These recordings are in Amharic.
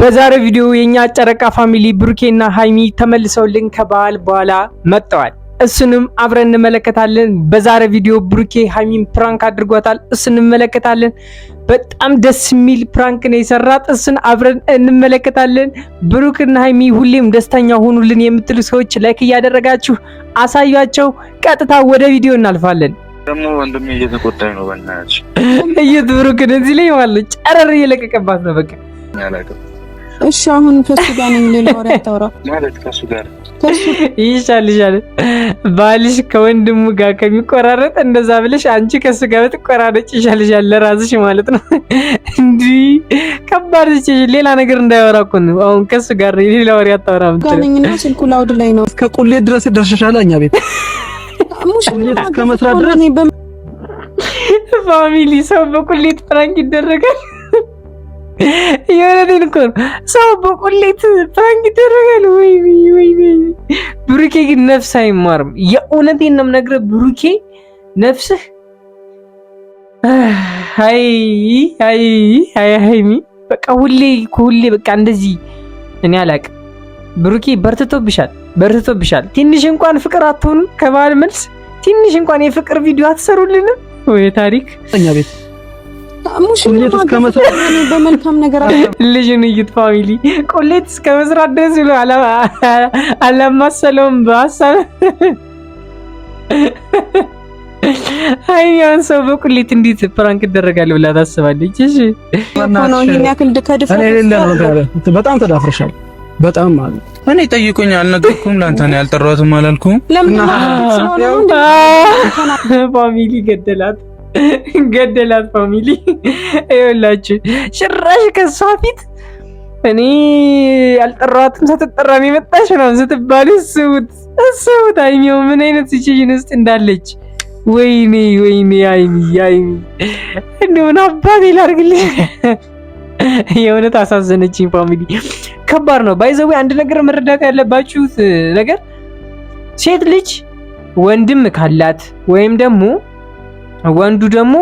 በዛሬ ቪዲዮ የኛ ጨረቃ ፋሚሊ ብሩኬና ሀይሚ ተመልሰውልን ከበዓል በኋላ መጥተዋል። እሱንም አብረን እንመለከታለን። በዛሬ ቪዲዮ ብሩኬ ሀይሚን ፕራንክ አድርጓታል። እሱን እንመለከታለን። በጣም ደስ የሚል ፕራንክ ነው የሰራት። እሱን አብረን እንመለከታለን። ብሩክና ሀይሚ ሁሌም ደስተኛ ሆኑልን የምትሉ ሰዎች ላይክ እያደረጋችሁ አሳያቸው። ቀጥታ ወደ ቪዲዮ እናልፋለን። ደግሞ ወንድሜ እየተቆጣኝ ነው። በእናትሽ እየት ብሩክን እዚህ ላይ ማለት ጨረር እየለቀቀባት ነው በቃ እሺ አሁን ከሱ ጋር ነኝ። ሌላ ወሬ አታውራ ማለት ከሱ ጋር ይሻል ይሻል። ባልሽ ከወንድሙ ጋር ከሚቆራረጥ እንደዛ ብለሽ አንቺ ከሱ ጋር ብትቆራረጭ ይሻል ይሻል፣ ለራስሽ ማለት ነው። እንዲህ ከባድ ሌላ ነገር እንዳያወራ እኮ ነው። አሁን ከሱ ጋር ነኝ። ሌላ ወሬ አታውራ ምትለኝና ስልኩ ላውድ ላይ ነው። ከቁሌ ድረስ ደርሰሻል። እኛ ቤት ሙሽራ ከመስራት ድረስ ፋሚሊ ሰው በቁሌ ፍራንክ ይደረጋል። የሆነን እኮ ነው ሰው በቁሌት ፕራንክ ይደረጋል። ወይ ወይ ብሩኬ ግን ነፍስ አይማርም። የእውነቴን ነው የምነግርህ ብሩኬ ነፍስህ አይ አይ አይ ሀይሚ በቃ ሁሌ ሁሌ በቃ እንደዚህ እኔ አላቅም። ብሩኬ በርትቶብሻል፣ በርትቶብሻል። ትንሽ እንኳን ፍቅር አትሆኑም ከባል መልስ ትንሽ እንኳን የፍቅር ቪዲዮ አትሰሩልንም ወይ ታሪክ እኛ ቤት በመልካም ነገር ልጅን እይት ፋሚሊ ቆሌት እስከ መስራት ደስ ብሎ አለማሰለውም በሀሳብ አይኛውን ሰው በቁሌት እንዴት ፕራንክ ይደረጋል ብላ ታስባለች? እሺ በጣም ተዳፍረሻል። በጣም ማለት እኔ ጠይቁኝ፣ አልነገርኩም። ለአንተ ነው ያልጠሯትም አላልኩም። ፋሚሊ ገደላት። ገደላት። ፋሚሊ ይኸውላችሁ ጭራሽ ከሷ ፊት እኔ ያልጠራዋትም ሳትጠራ የመጣሽ ነው ስትባል እስቡት እስቡት፣ አይሚው ምን አይነት ሲችሽን ውስጥ እንዳለች። ወይኔ ወይኔ፣ አይሚ አይሚ እንደምን አባቴ ላድርግልሽ። የእውነት አሳዘነችኝ ፋሚሊ። ከባድ ነው። ባይዘዊ አንድ ነገር መረዳት ያለባችሁት ነገር ሴት ልጅ ወንድም ካላት ወይም ደግሞ ወንዱ ደግሞ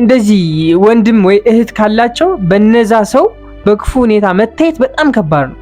እንደዚህ ወንድም ወይ እህት ካላቸው በነዛ ሰው በክፉ ሁኔታ መታየት በጣም ከባድ ነው።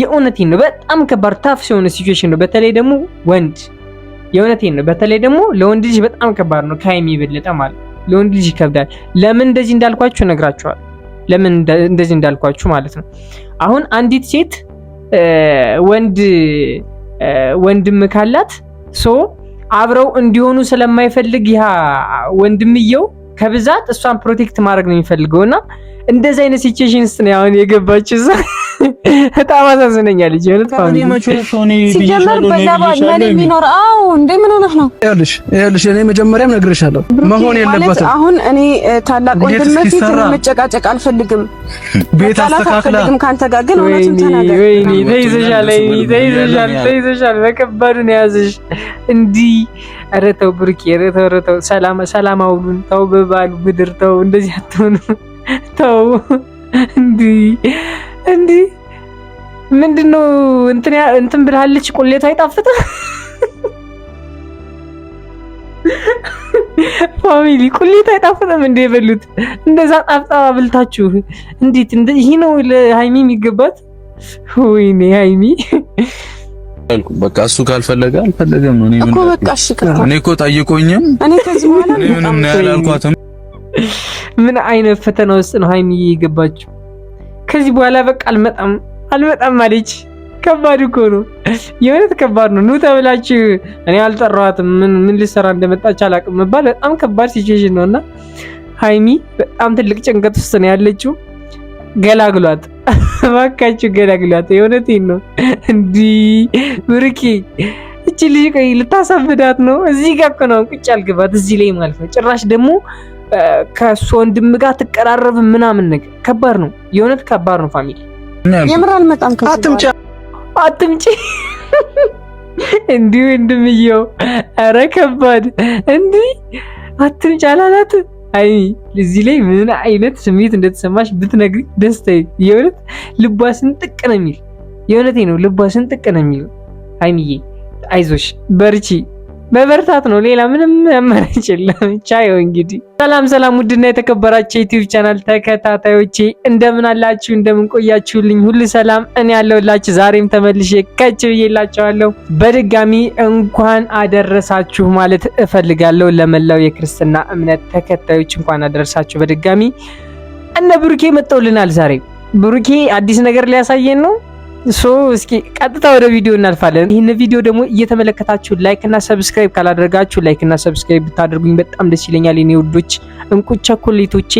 የእውነቴን ነው። በጣም ከባድ ታፍ ሲሆነ ሲቹዌሽን ነው። በተለይ ደግሞ ወንድ የእውነቴን ነው። በተለይ ደግሞ ለወንድ ልጅ በጣም ከባድ ነው። ከሀይሚ የበለጠ ማለት ለወንድ ልጅ ይከብዳል። ለምን እንደዚህ እንዳልኳችሁ እነግራችኋለሁ። ለምን እንደዚህ እንዳልኳችሁ ማለት ነው። አሁን አንዲት ሴት ወንድ ወንድም ካላት ሶ አብረው እንዲሆኑ ስለማይፈልግ ያ ወንድምየው ከብዛት እሷን ፕሮቴክት ማድረግ ነው የሚፈልገው እና እንደዚህ አይነት ሲቹዌሽን ውስጥ ነው አሁን የገባችው። በጣም አሳዝነኛል። ልጅ እውነት ፋሚሊ ሲጀመር በዛ ባል የሚኖር አዎ፣ እንዴ ምን ሆነህ ነው? ይኸውልሽ ይኸውልሽ፣ እኔ መጀመሪያም ነግሬሻለሁ መሆን የለበትም። አሁን እኔ ታላቅ ወንድም ፊት መጨቃጨቅ አልፈልግም፣ ቤት አልፈልግም ካንተ ጋር ግን እውነቱን ተናገር። ወይኔ ተይዘሻል፣ ተይዘሻል፣ ተይዘሻል። በከባዱ ነው የያዝሽ እንዲህ። ኧረ ተው ብሩኬ፣ ኧረ ተው፣ ኧረ ተው። ሰላም ሰላም አውሉን ተው፣ በባሉ ምድር ተው፣ እንደዚህ አትሆኑ ተው እንዲህ እንዴ ምንድነው? እንትን እንትን ብላለች። ቁሌት አይጣፍጥም ፋሚሊ፣ ቁሌት አይጣፍጥም እንዴ የበሉት እንደዛ ጣፍጣ ብልታችሁ እንዴት ይህ ነው ለሀይሚ የሚገባት? ወይኔ በቃ እሱ ካልፈለገ አልፈለገም ነው። እኔ እኔ እኮ ጠይቆኝም እኔ ከዚህ በኋላ ምንም ያላልኳትም። ምን አይነት ፈተና ውስጥ ነው ሃይሚ የገባችው? ከዚህ በኋላ በቃ አልመጣም አልመጣም አለች። ከባድ እኮ ነው፣ የእውነት ከባድ ነው። ኑ ተብላችሁ እኔ አልጠራኋትም። ምን ምን ልሰራ እንደመጣች አላውቅም መባል በጣም ከባድ ሲቹዌሽን ነው እና ሀይሚ በጣም ትልቅ ጭንቀት ውስጥ ነው ያለችው። ገላግሏት እባካችሁ ገላግሏት። የእውነቴን ነው። እንዲህ ብርቂ እቺ ልጅ ቆይ ልታሳብዳት ነው። እዚህ ጋር እኮ ነው ቁጭ አልግባት፣ እዚህ ላይ ማለት ነው። ጭራሽ ደግሞ ከእሱ ወንድም ጋር ትቀራረብ ምናምን ነገር ከባድ ነው፣ የእውነት ከባድ ነው። ፋሚሊ የምር አልመጣም። አትምጪ አትምጪ እንዲህ ወንድምየው፣ ኧረ ከባድ እንዲህ አትምጪ አላላት። አይ እዚህ ላይ ምን አይነት ስሜት እንደተሰማሽ ብትነግሪ ደስታዬ። የእውነት ልቧ ስንጥቅ ነው የሚል የእውነቴ ነው። ልቧ ስንጥቅ ነው የሚል አይሚዬ፣ አይዞሽ በርቺ። በበርታት ነው። ሌላ ምንም አማራጭ የለም። ቻዮ እንግዲህ ሰላም ሰላም፣ ውድና የተከበራችሁ ዩቲዩብ ቻናል ተከታታዮቼ እንደምን አላችሁ? እንደምን ቆያችሁልኝ? ሁሉ ሰላም እኔ ያለሁላችሁ ዛሬም ተመልሼ ከች ብዬላችኋለሁ። በድጋሚ እንኳን አደረሳችሁ ማለት እፈልጋለሁ። ለመላው የክርስትና እምነት ተከታዮች እንኳን አደረሳችሁ በድጋሚ። እነ ብሩኬ መጥተውልናል። ዛሬ ብሩኬ አዲስ ነገር ሊያሳየን ነው ሶ እስኪ ቀጥታ ወደ ቪዲዮ እናልፋለን። ይህን ቪዲዮ ደግሞ እየተመለከታችሁ ላይክ እና ሰብስክራይብ ካላደረጋችሁ ላይክ እና ሰብስክራይብ ብታደርጉኝ በጣም ደስ ይለኛል። የኔ ውዶች እንቁ ቸኮሌቶቼ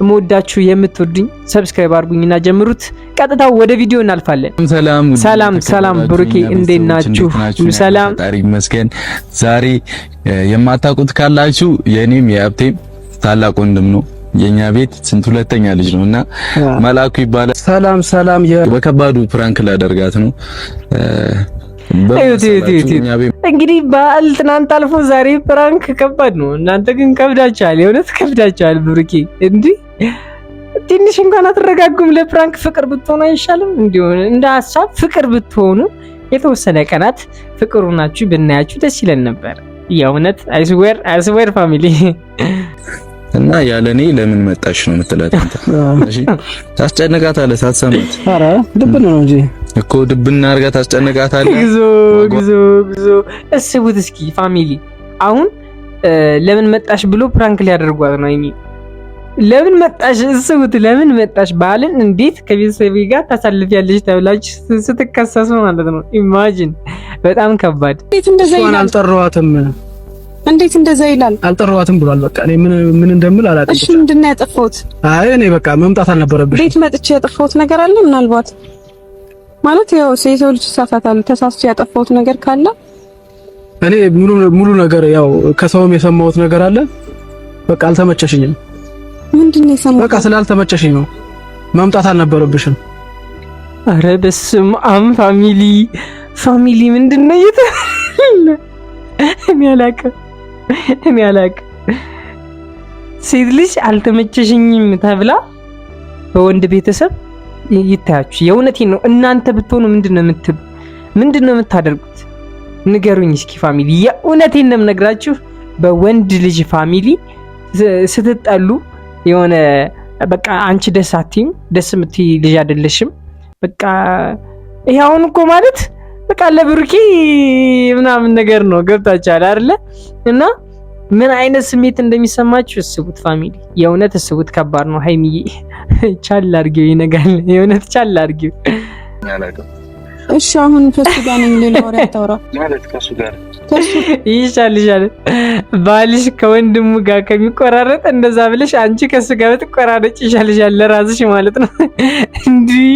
የምወዳችሁ የምትወዱኝ ሰብስክራይብ አድርጉኝና ጀምሩት። ቀጥታ ወደ ቪዲዮ እናልፋለን። ሰላም ሰላም ሰላም፣ ብሩኬ እንዴት ናችሁ? ሰላም ጣሪ መስገን። ዛሬ የማታውቁት ካላችሁ የኔም የሀብቴም ታላቅ ወንድም ነው የኛ ቤት ስንት ሁለተኛ ልጅ ነው እና መልአኩ ይባላል። ሰላም ሰላም። በከባዱ ፕራንክ ላደርጋት ነው እንግዲህ በዓል ትናንት አልፎ ዛሬ ፕራንክ ከባድ ነው። እናንተ ግን ከብዳችኋል፣ የእውነት ከብዳችኋል። ብሩኬ እንዲህ ትንሽ እንኳን አትረጋጉም። ለፕራንክ ፍቅር ብትሆኑ አይሻልም? እንዲሆን እንደ ሀሳብ ፍቅር ብትሆኑ የተወሰነ ቀናት ፍቅር ሆናችሁ ብናያችሁ ደስ ይለን ነበር። የእውነት አይስዌር አይስዌር ፋሚሊ እና ያለ እኔ ለምን መጣሽ ነው የምትላት። እሺ አለ ሳትሰማት። ኧረ ድብን ነው እንጂ እኮ ድብን አድርጋ አለ። ግዞ ግዞ ግዞ። እስቡት እስኪ ፋሚሊ፣ አሁን ለምን መጣሽ ብሎ ፕራንክ ሊያደርጓት ነው አይኒ ለምን መጣሽ እስቡት፣ ለምን መጣሽ ባልን እንዴት ከቤተሰቤ ጋር ታሳልፊያለሽ ተብላች ስትከሰሱ ማለት ነው። ኢማጂን፣ በጣም ከባድ። እንዴት እንደዛ አልጠራዋትም እንዴት እንደዛ ይላል? አልጠራዋትም ብሏል። በቃ እኔ ምን ምን እንደምል አላውቅም። እሺ ምንድን ነው ያጠፋሁት? አይ እኔ በቃ መምጣት አልነበረብሽ። ቤት መጥቼ ያጠፋሁት ነገር አለ? ምናልባት ማለት ያው የሰው ልጅ ይሳሳታል። ተሳስቶ ያጠፋሁት ነገር ካለ እኔ ሙሉ ሙሉ ነገር ያው ከሰውም የሰማሁት ነገር አለ። በቃ አልተመቸሽኝም። ምንድን ነው የሰማሁት? በቃ ስላልተመቸሽኝ ነው። መምጣት አልነበረብሽም። አረ በስም አም ፋሚሊ ፋሚሊ ምንድን ነው እኔ አላውቅም። እኔ አላቅም። ሴት ልጅ አልተመቸሽኝም ተብላ በወንድ ቤተሰብ ይታያችሁ። የእውነቴን ነው። እናንተ ብትሆኑ ምንድን ነው የምትብ ምንድን ነው የምታደርጉት? ንገሩኝ እስኪ ፋሚሊ። የእውነቴን ነው የምነግራችሁ። በወንድ ልጅ ፋሚሊ ስትጠሉ የሆነ በቃ አንቺ ደስ አትይም፣ ደስ የምትይ ልጅ አይደለሽም። በቃ ይሄ አሁን እኮ ማለት በቃ ለብሩኬ ምናምን ነገር ነው። ገብታችኋል አይደለ? እና ምን አይነት ስሜት እንደሚሰማችሁ እስቡት ፋሚሊ፣ የእውነት እስቡት። ከባድ ነው። ሀይሚዬ ቻል አድርጊው፣ ይነጋል። የእውነት ቻል አድርጊው። እሺ አሁን ከሱ ጋር ነው ሌላ ወሬ አታውራ ማለት ከሱ ጋር ይሻል ይሻል ባልሽ ከወንድሙ ጋር ከሚቆራረጥ እንደዛ ብለሽ አንቺ ከሱ ጋር ብትቆራረጭ ይሻል ይሻል ለራስሽ ማለት ነው። እንዲህ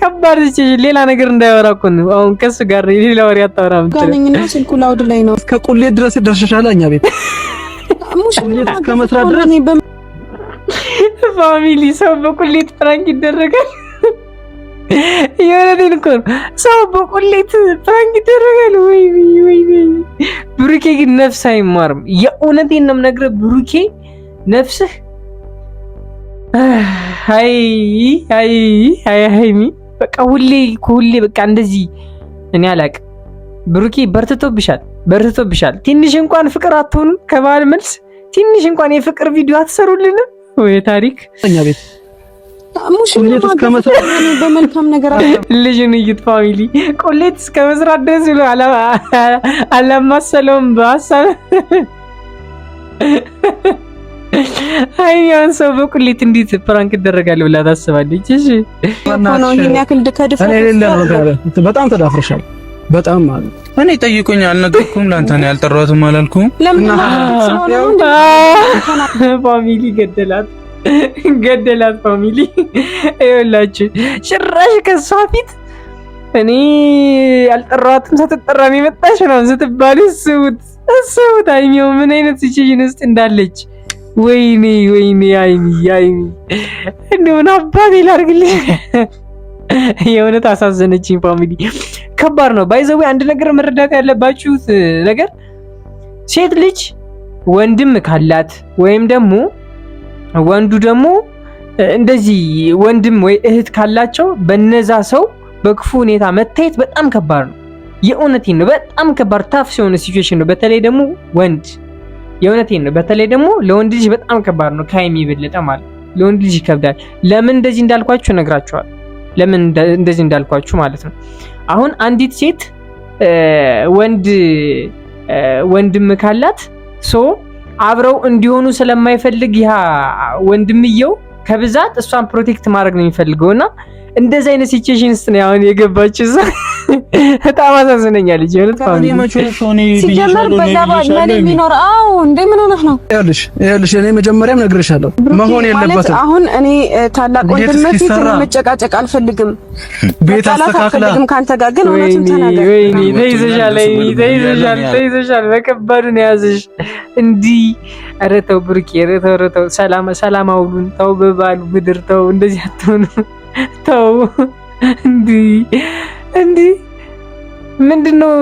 ከባድ ሌላ ነገር እንዳያወራ እኮ ነው። አሁን ከሱ ጋር ሌላ ወሬ አታወራ ምትለኝና ስልኩ ላውድ ላይ ነው። እስከ ቁሌት ድረስ ደርሰሻል። እኛ ቤት ከመስራት ድረስ ፋሚሊ ሰው በቁሌት ፍራንክ ይደረጋል። የሆነን እኮ ነው ሰው በቁሌት ፕራንክ ይደረጋል። ወይ ወይ ብሩኬ ግን ነፍስ አይማርም። የእውነቴን ነው የምነግርህ ብሩኬ ነፍስህ ሀይሚ በቃ ሁሌ ሁሌ በቃ እንደዚህ እኔ አላቅም። ብሩኬ በርትቶብሻል፣ በርትቶብሻል። ትንሽ እንኳን ፍቅር አትሆኑም ከባል መልስ ትንሽ እንኳን የፍቅር ቪዲዮ አትሰሩልንም ወይ ታሪክ በመልካም ነገር ልጅን ፋሚሊ ቆሌት እስከ መስራት ደስ ብሎ አላማሰለውም በሀሳብ ሰው በቁሌት እንዴት ፕራንክ ይደረጋል ብላ ታስባለች? እሺ በጣም ተዳፍረሻል። በጣም እኔ ጠይቁኝ፣ አልነገርኩም። ላንተ ነው አላልኩም። ፋሚሊ ገደላት። ገደላት። ፋሚሊ ይኸውላችሁ፣ ጭራሽ ከሷ ፊት እኔ አልጠራትም ሳትጠራ የመጣች ምናምን ስትባል እስቡት፣ እስቡት አይሚው ምን አይነት ሲችሽን ውስጥ እንዳለች። ወይኔ ወይኔ፣ አይሚ አይሚ እንደምን አባቴ ላድርግልሽ። የእውነት አሳዘነችኝ ፋሚሊ። ከባድ ነው። ባይዘዌ አንድ ነገር መረዳት ያለባችሁት ነገር ሴት ልጅ ወንድም ካላት ወይም ደግሞ ወንዱ ደግሞ እንደዚህ ወንድም ወይ እህት ካላቸው በነዛ ሰው በክፉ ሁኔታ መታየት በጣም ከባድ ነው። የእውነቴን ነው። በጣም ከባድ ታፍ ሲሆነ ሲቹዌሽን ነው። በተለይ ደግሞ ወንድ የእውነቴን ነው። በተለይ ደግሞ ለወንድ ልጅ በጣም ከባድ ነው። ከሀይሚ የበለጠ ማለት ለወንድ ልጅ ይከብዳል። ለምን እንደዚህ እንዳልኳችሁ እነግራችኋለሁ። ለምን እንደዚህ እንዳልኳችሁ ማለት ነው። አሁን አንዲት ሴት ወንድ ወንድም ካላት ሶ አብረው እንዲሆኑ ስለማይፈልግ ያ ወንድምየው ከብዛት እሷን ፕሮቴክት ማድረግ ነው የሚፈልገው እና እንደዚህ አይነት ሲቹዌሽን ውስጥ ነው አሁን የገባችው። በጣም አሳዝነኛል። ልጅ እውነት ፋሚሊ ሲጀመር በዳባ የሚኖር አው እንዴ ምን ሆነህ ነው? ይኸውልሽ ይኸውልሽ እኔ መጀመሪያም ነግሬሻለሁ መሆን የለበትም። አሁን እኔ ታላቅ ወንድምህ ፊት መጨቃጨቅ አልፈልግም፣ ቤት አልፈልግም። ካንተ ጋር ግን እውነቱን ተናገር። ወይኔ ተይዘሻል፣ ተይዘሻል፣ ተይዘሻል። በከባዱ ነው የያዝሽ እንዲህ። ኧረ ተው ኧረ ተው፣ ኧረ ተው። ሰላም ሰላም አውሉን ተው፣ በባሉ ምድር ተው፣ እንደዚህ አትሆኑ ተው እንዲህ እንዴ ምንድን ነው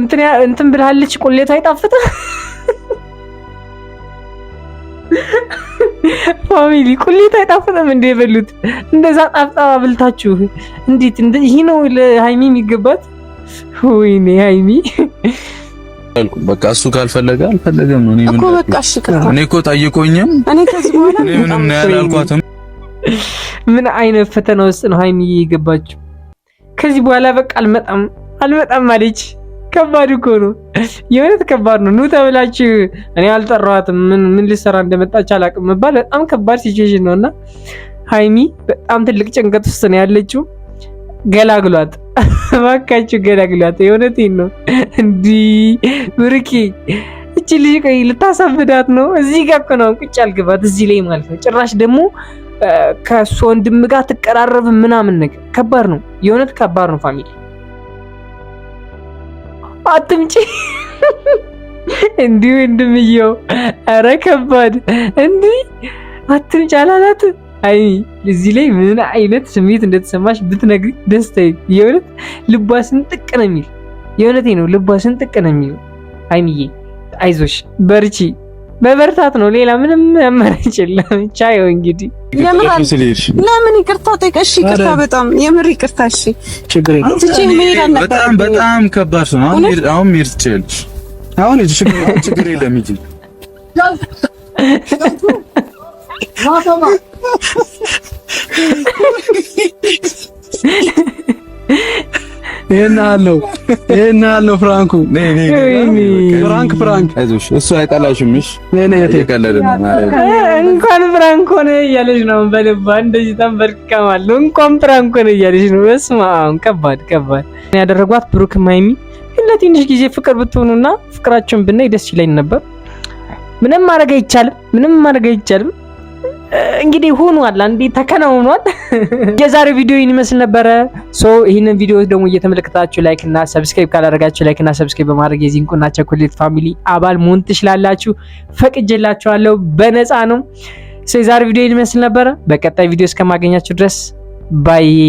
እንትን እንትን ብላለች። ቁሌት አይጣፍጥም ፋሚሊ ቁሌት አይጣፍጥም እንዴ? የበሉት እንደዛ ጣፍጣ ብልታችሁ እንዴት ይህ ነው ለሃይሚ የሚገባት? ወይኔ ሃይሚ በቃ እሱ ካልፈለገ አልፈለገም ነው። እኔ እኮ እኔ እኮ ጠይቆኝም እኔ ከዚህ በኋላ ምንም ነው ያላልኳትም። ምን አይነት ፈተና ውስጥ ነው ሃይሚ የገባችው? ከዚህ በኋላ በቃ አልመጣም አልመጣም አለች። ከባድ እኮ ነው፣ የእውነት ከባድ ነው። ኑ ተብላችሁ እኔ አልጠራኋትም። ምን ምን ልሰራ እንደመጣች አላውቅም መባል በጣም ከባድ ሲቹዌሽን እና ሀይሚ በጣም ትልቅ ጭንቀት ውስጥ ነው ያለችው። ገላግሏት እባካችሁ ገላግሏት። የእውነቴን ነው። እንዲህ ብርኬ እቺ ልጅ ቆይ ልታሳብዳት ነው። እዚህ ጋር እኮ ነው ቁጭ አልገባት እዚህ ላይ ማለት ነው። ጭራሽ ደግሞ ከእሱ ወንድም ጋር ትቀራረብ ምናምን ነገር ከባድ ነው። የእውነት ከባድ ነው። ፋሚሊ አትምጪ እንዲህ ወንድምየው፣ ኧረ ከባድ እንዲህ አትምጪ አላላት። አይ እዚህ ላይ ምን አይነት ስሜት እንደተሰማሽ ብትነግሪ ደስታዬ። የእውነት ልቧ ስንጥቅ ነው የሚል የእውነቴ ነው። ልቧ ስንጥቅ ነው የሚል አይምዬ፣ አይዞሽ በርቺ። በበርታት ነው። ሌላ ምንም አማራጭ የለም። ብቻ ይኸው እንግዲህ ለምን ይቅርታ ጠይቀሽ፣ ይቅርታ በጣም የምር ይቅርታ። እሺ ችግር የለም። በጣም በጣም ከባድ ነው። አሁን አሁን ሜር ትችያለሽ። አሁን እዚህ ችግር የለም። ሂጂ ማሰማ ይሄን አለው ይሄን አለው ፍራንኩ ፍራንክ ፍራንክ አይዞሽ፣ እሱ አይጠላሽም። እሺ እንኳን ፍራንክ ሆነ እያለሽ ነው። በልባ እንደዚህ እንኳን ፍራንክ ሆነ እያለሽ ነው። በስመ አብ ከባድ ከባድ ያደረጓት ብሩክ ማይሚ ለትንሽ ጊዜ ፍቅር ብትሆኑና ፍቅራቸውን ብናይ ደስ ይለኝ ነበር። ምንም ማድረግ አይቻልም። ምንም ማድረግ አይቻልም። እንግዲህ ሆኗል፣ አንዴ ተከናውኗል። የዛሬው ቪዲዮ ይህን ይመስል ነበረ። ሶ ይህንን ቪዲዮ ደግሞ እየተመለከታችሁ ላይክ እና ሰብስክራይብ ካላደረጋችሁ ላይክ እና ሰብስክራይብ በማድረግ የዚህን ቁና ቸኮሌት ፋሚሊ አባል መሆን ትችላላችሁ። ፈቅጄላችኋለሁ፣ በነፃ ነው። ሶ የዛሬው ቪዲዮ ይህን ይመስል ነበረ። በቀጣይ ቪዲዮ እስከማገኛችሁ ድረስ ባይ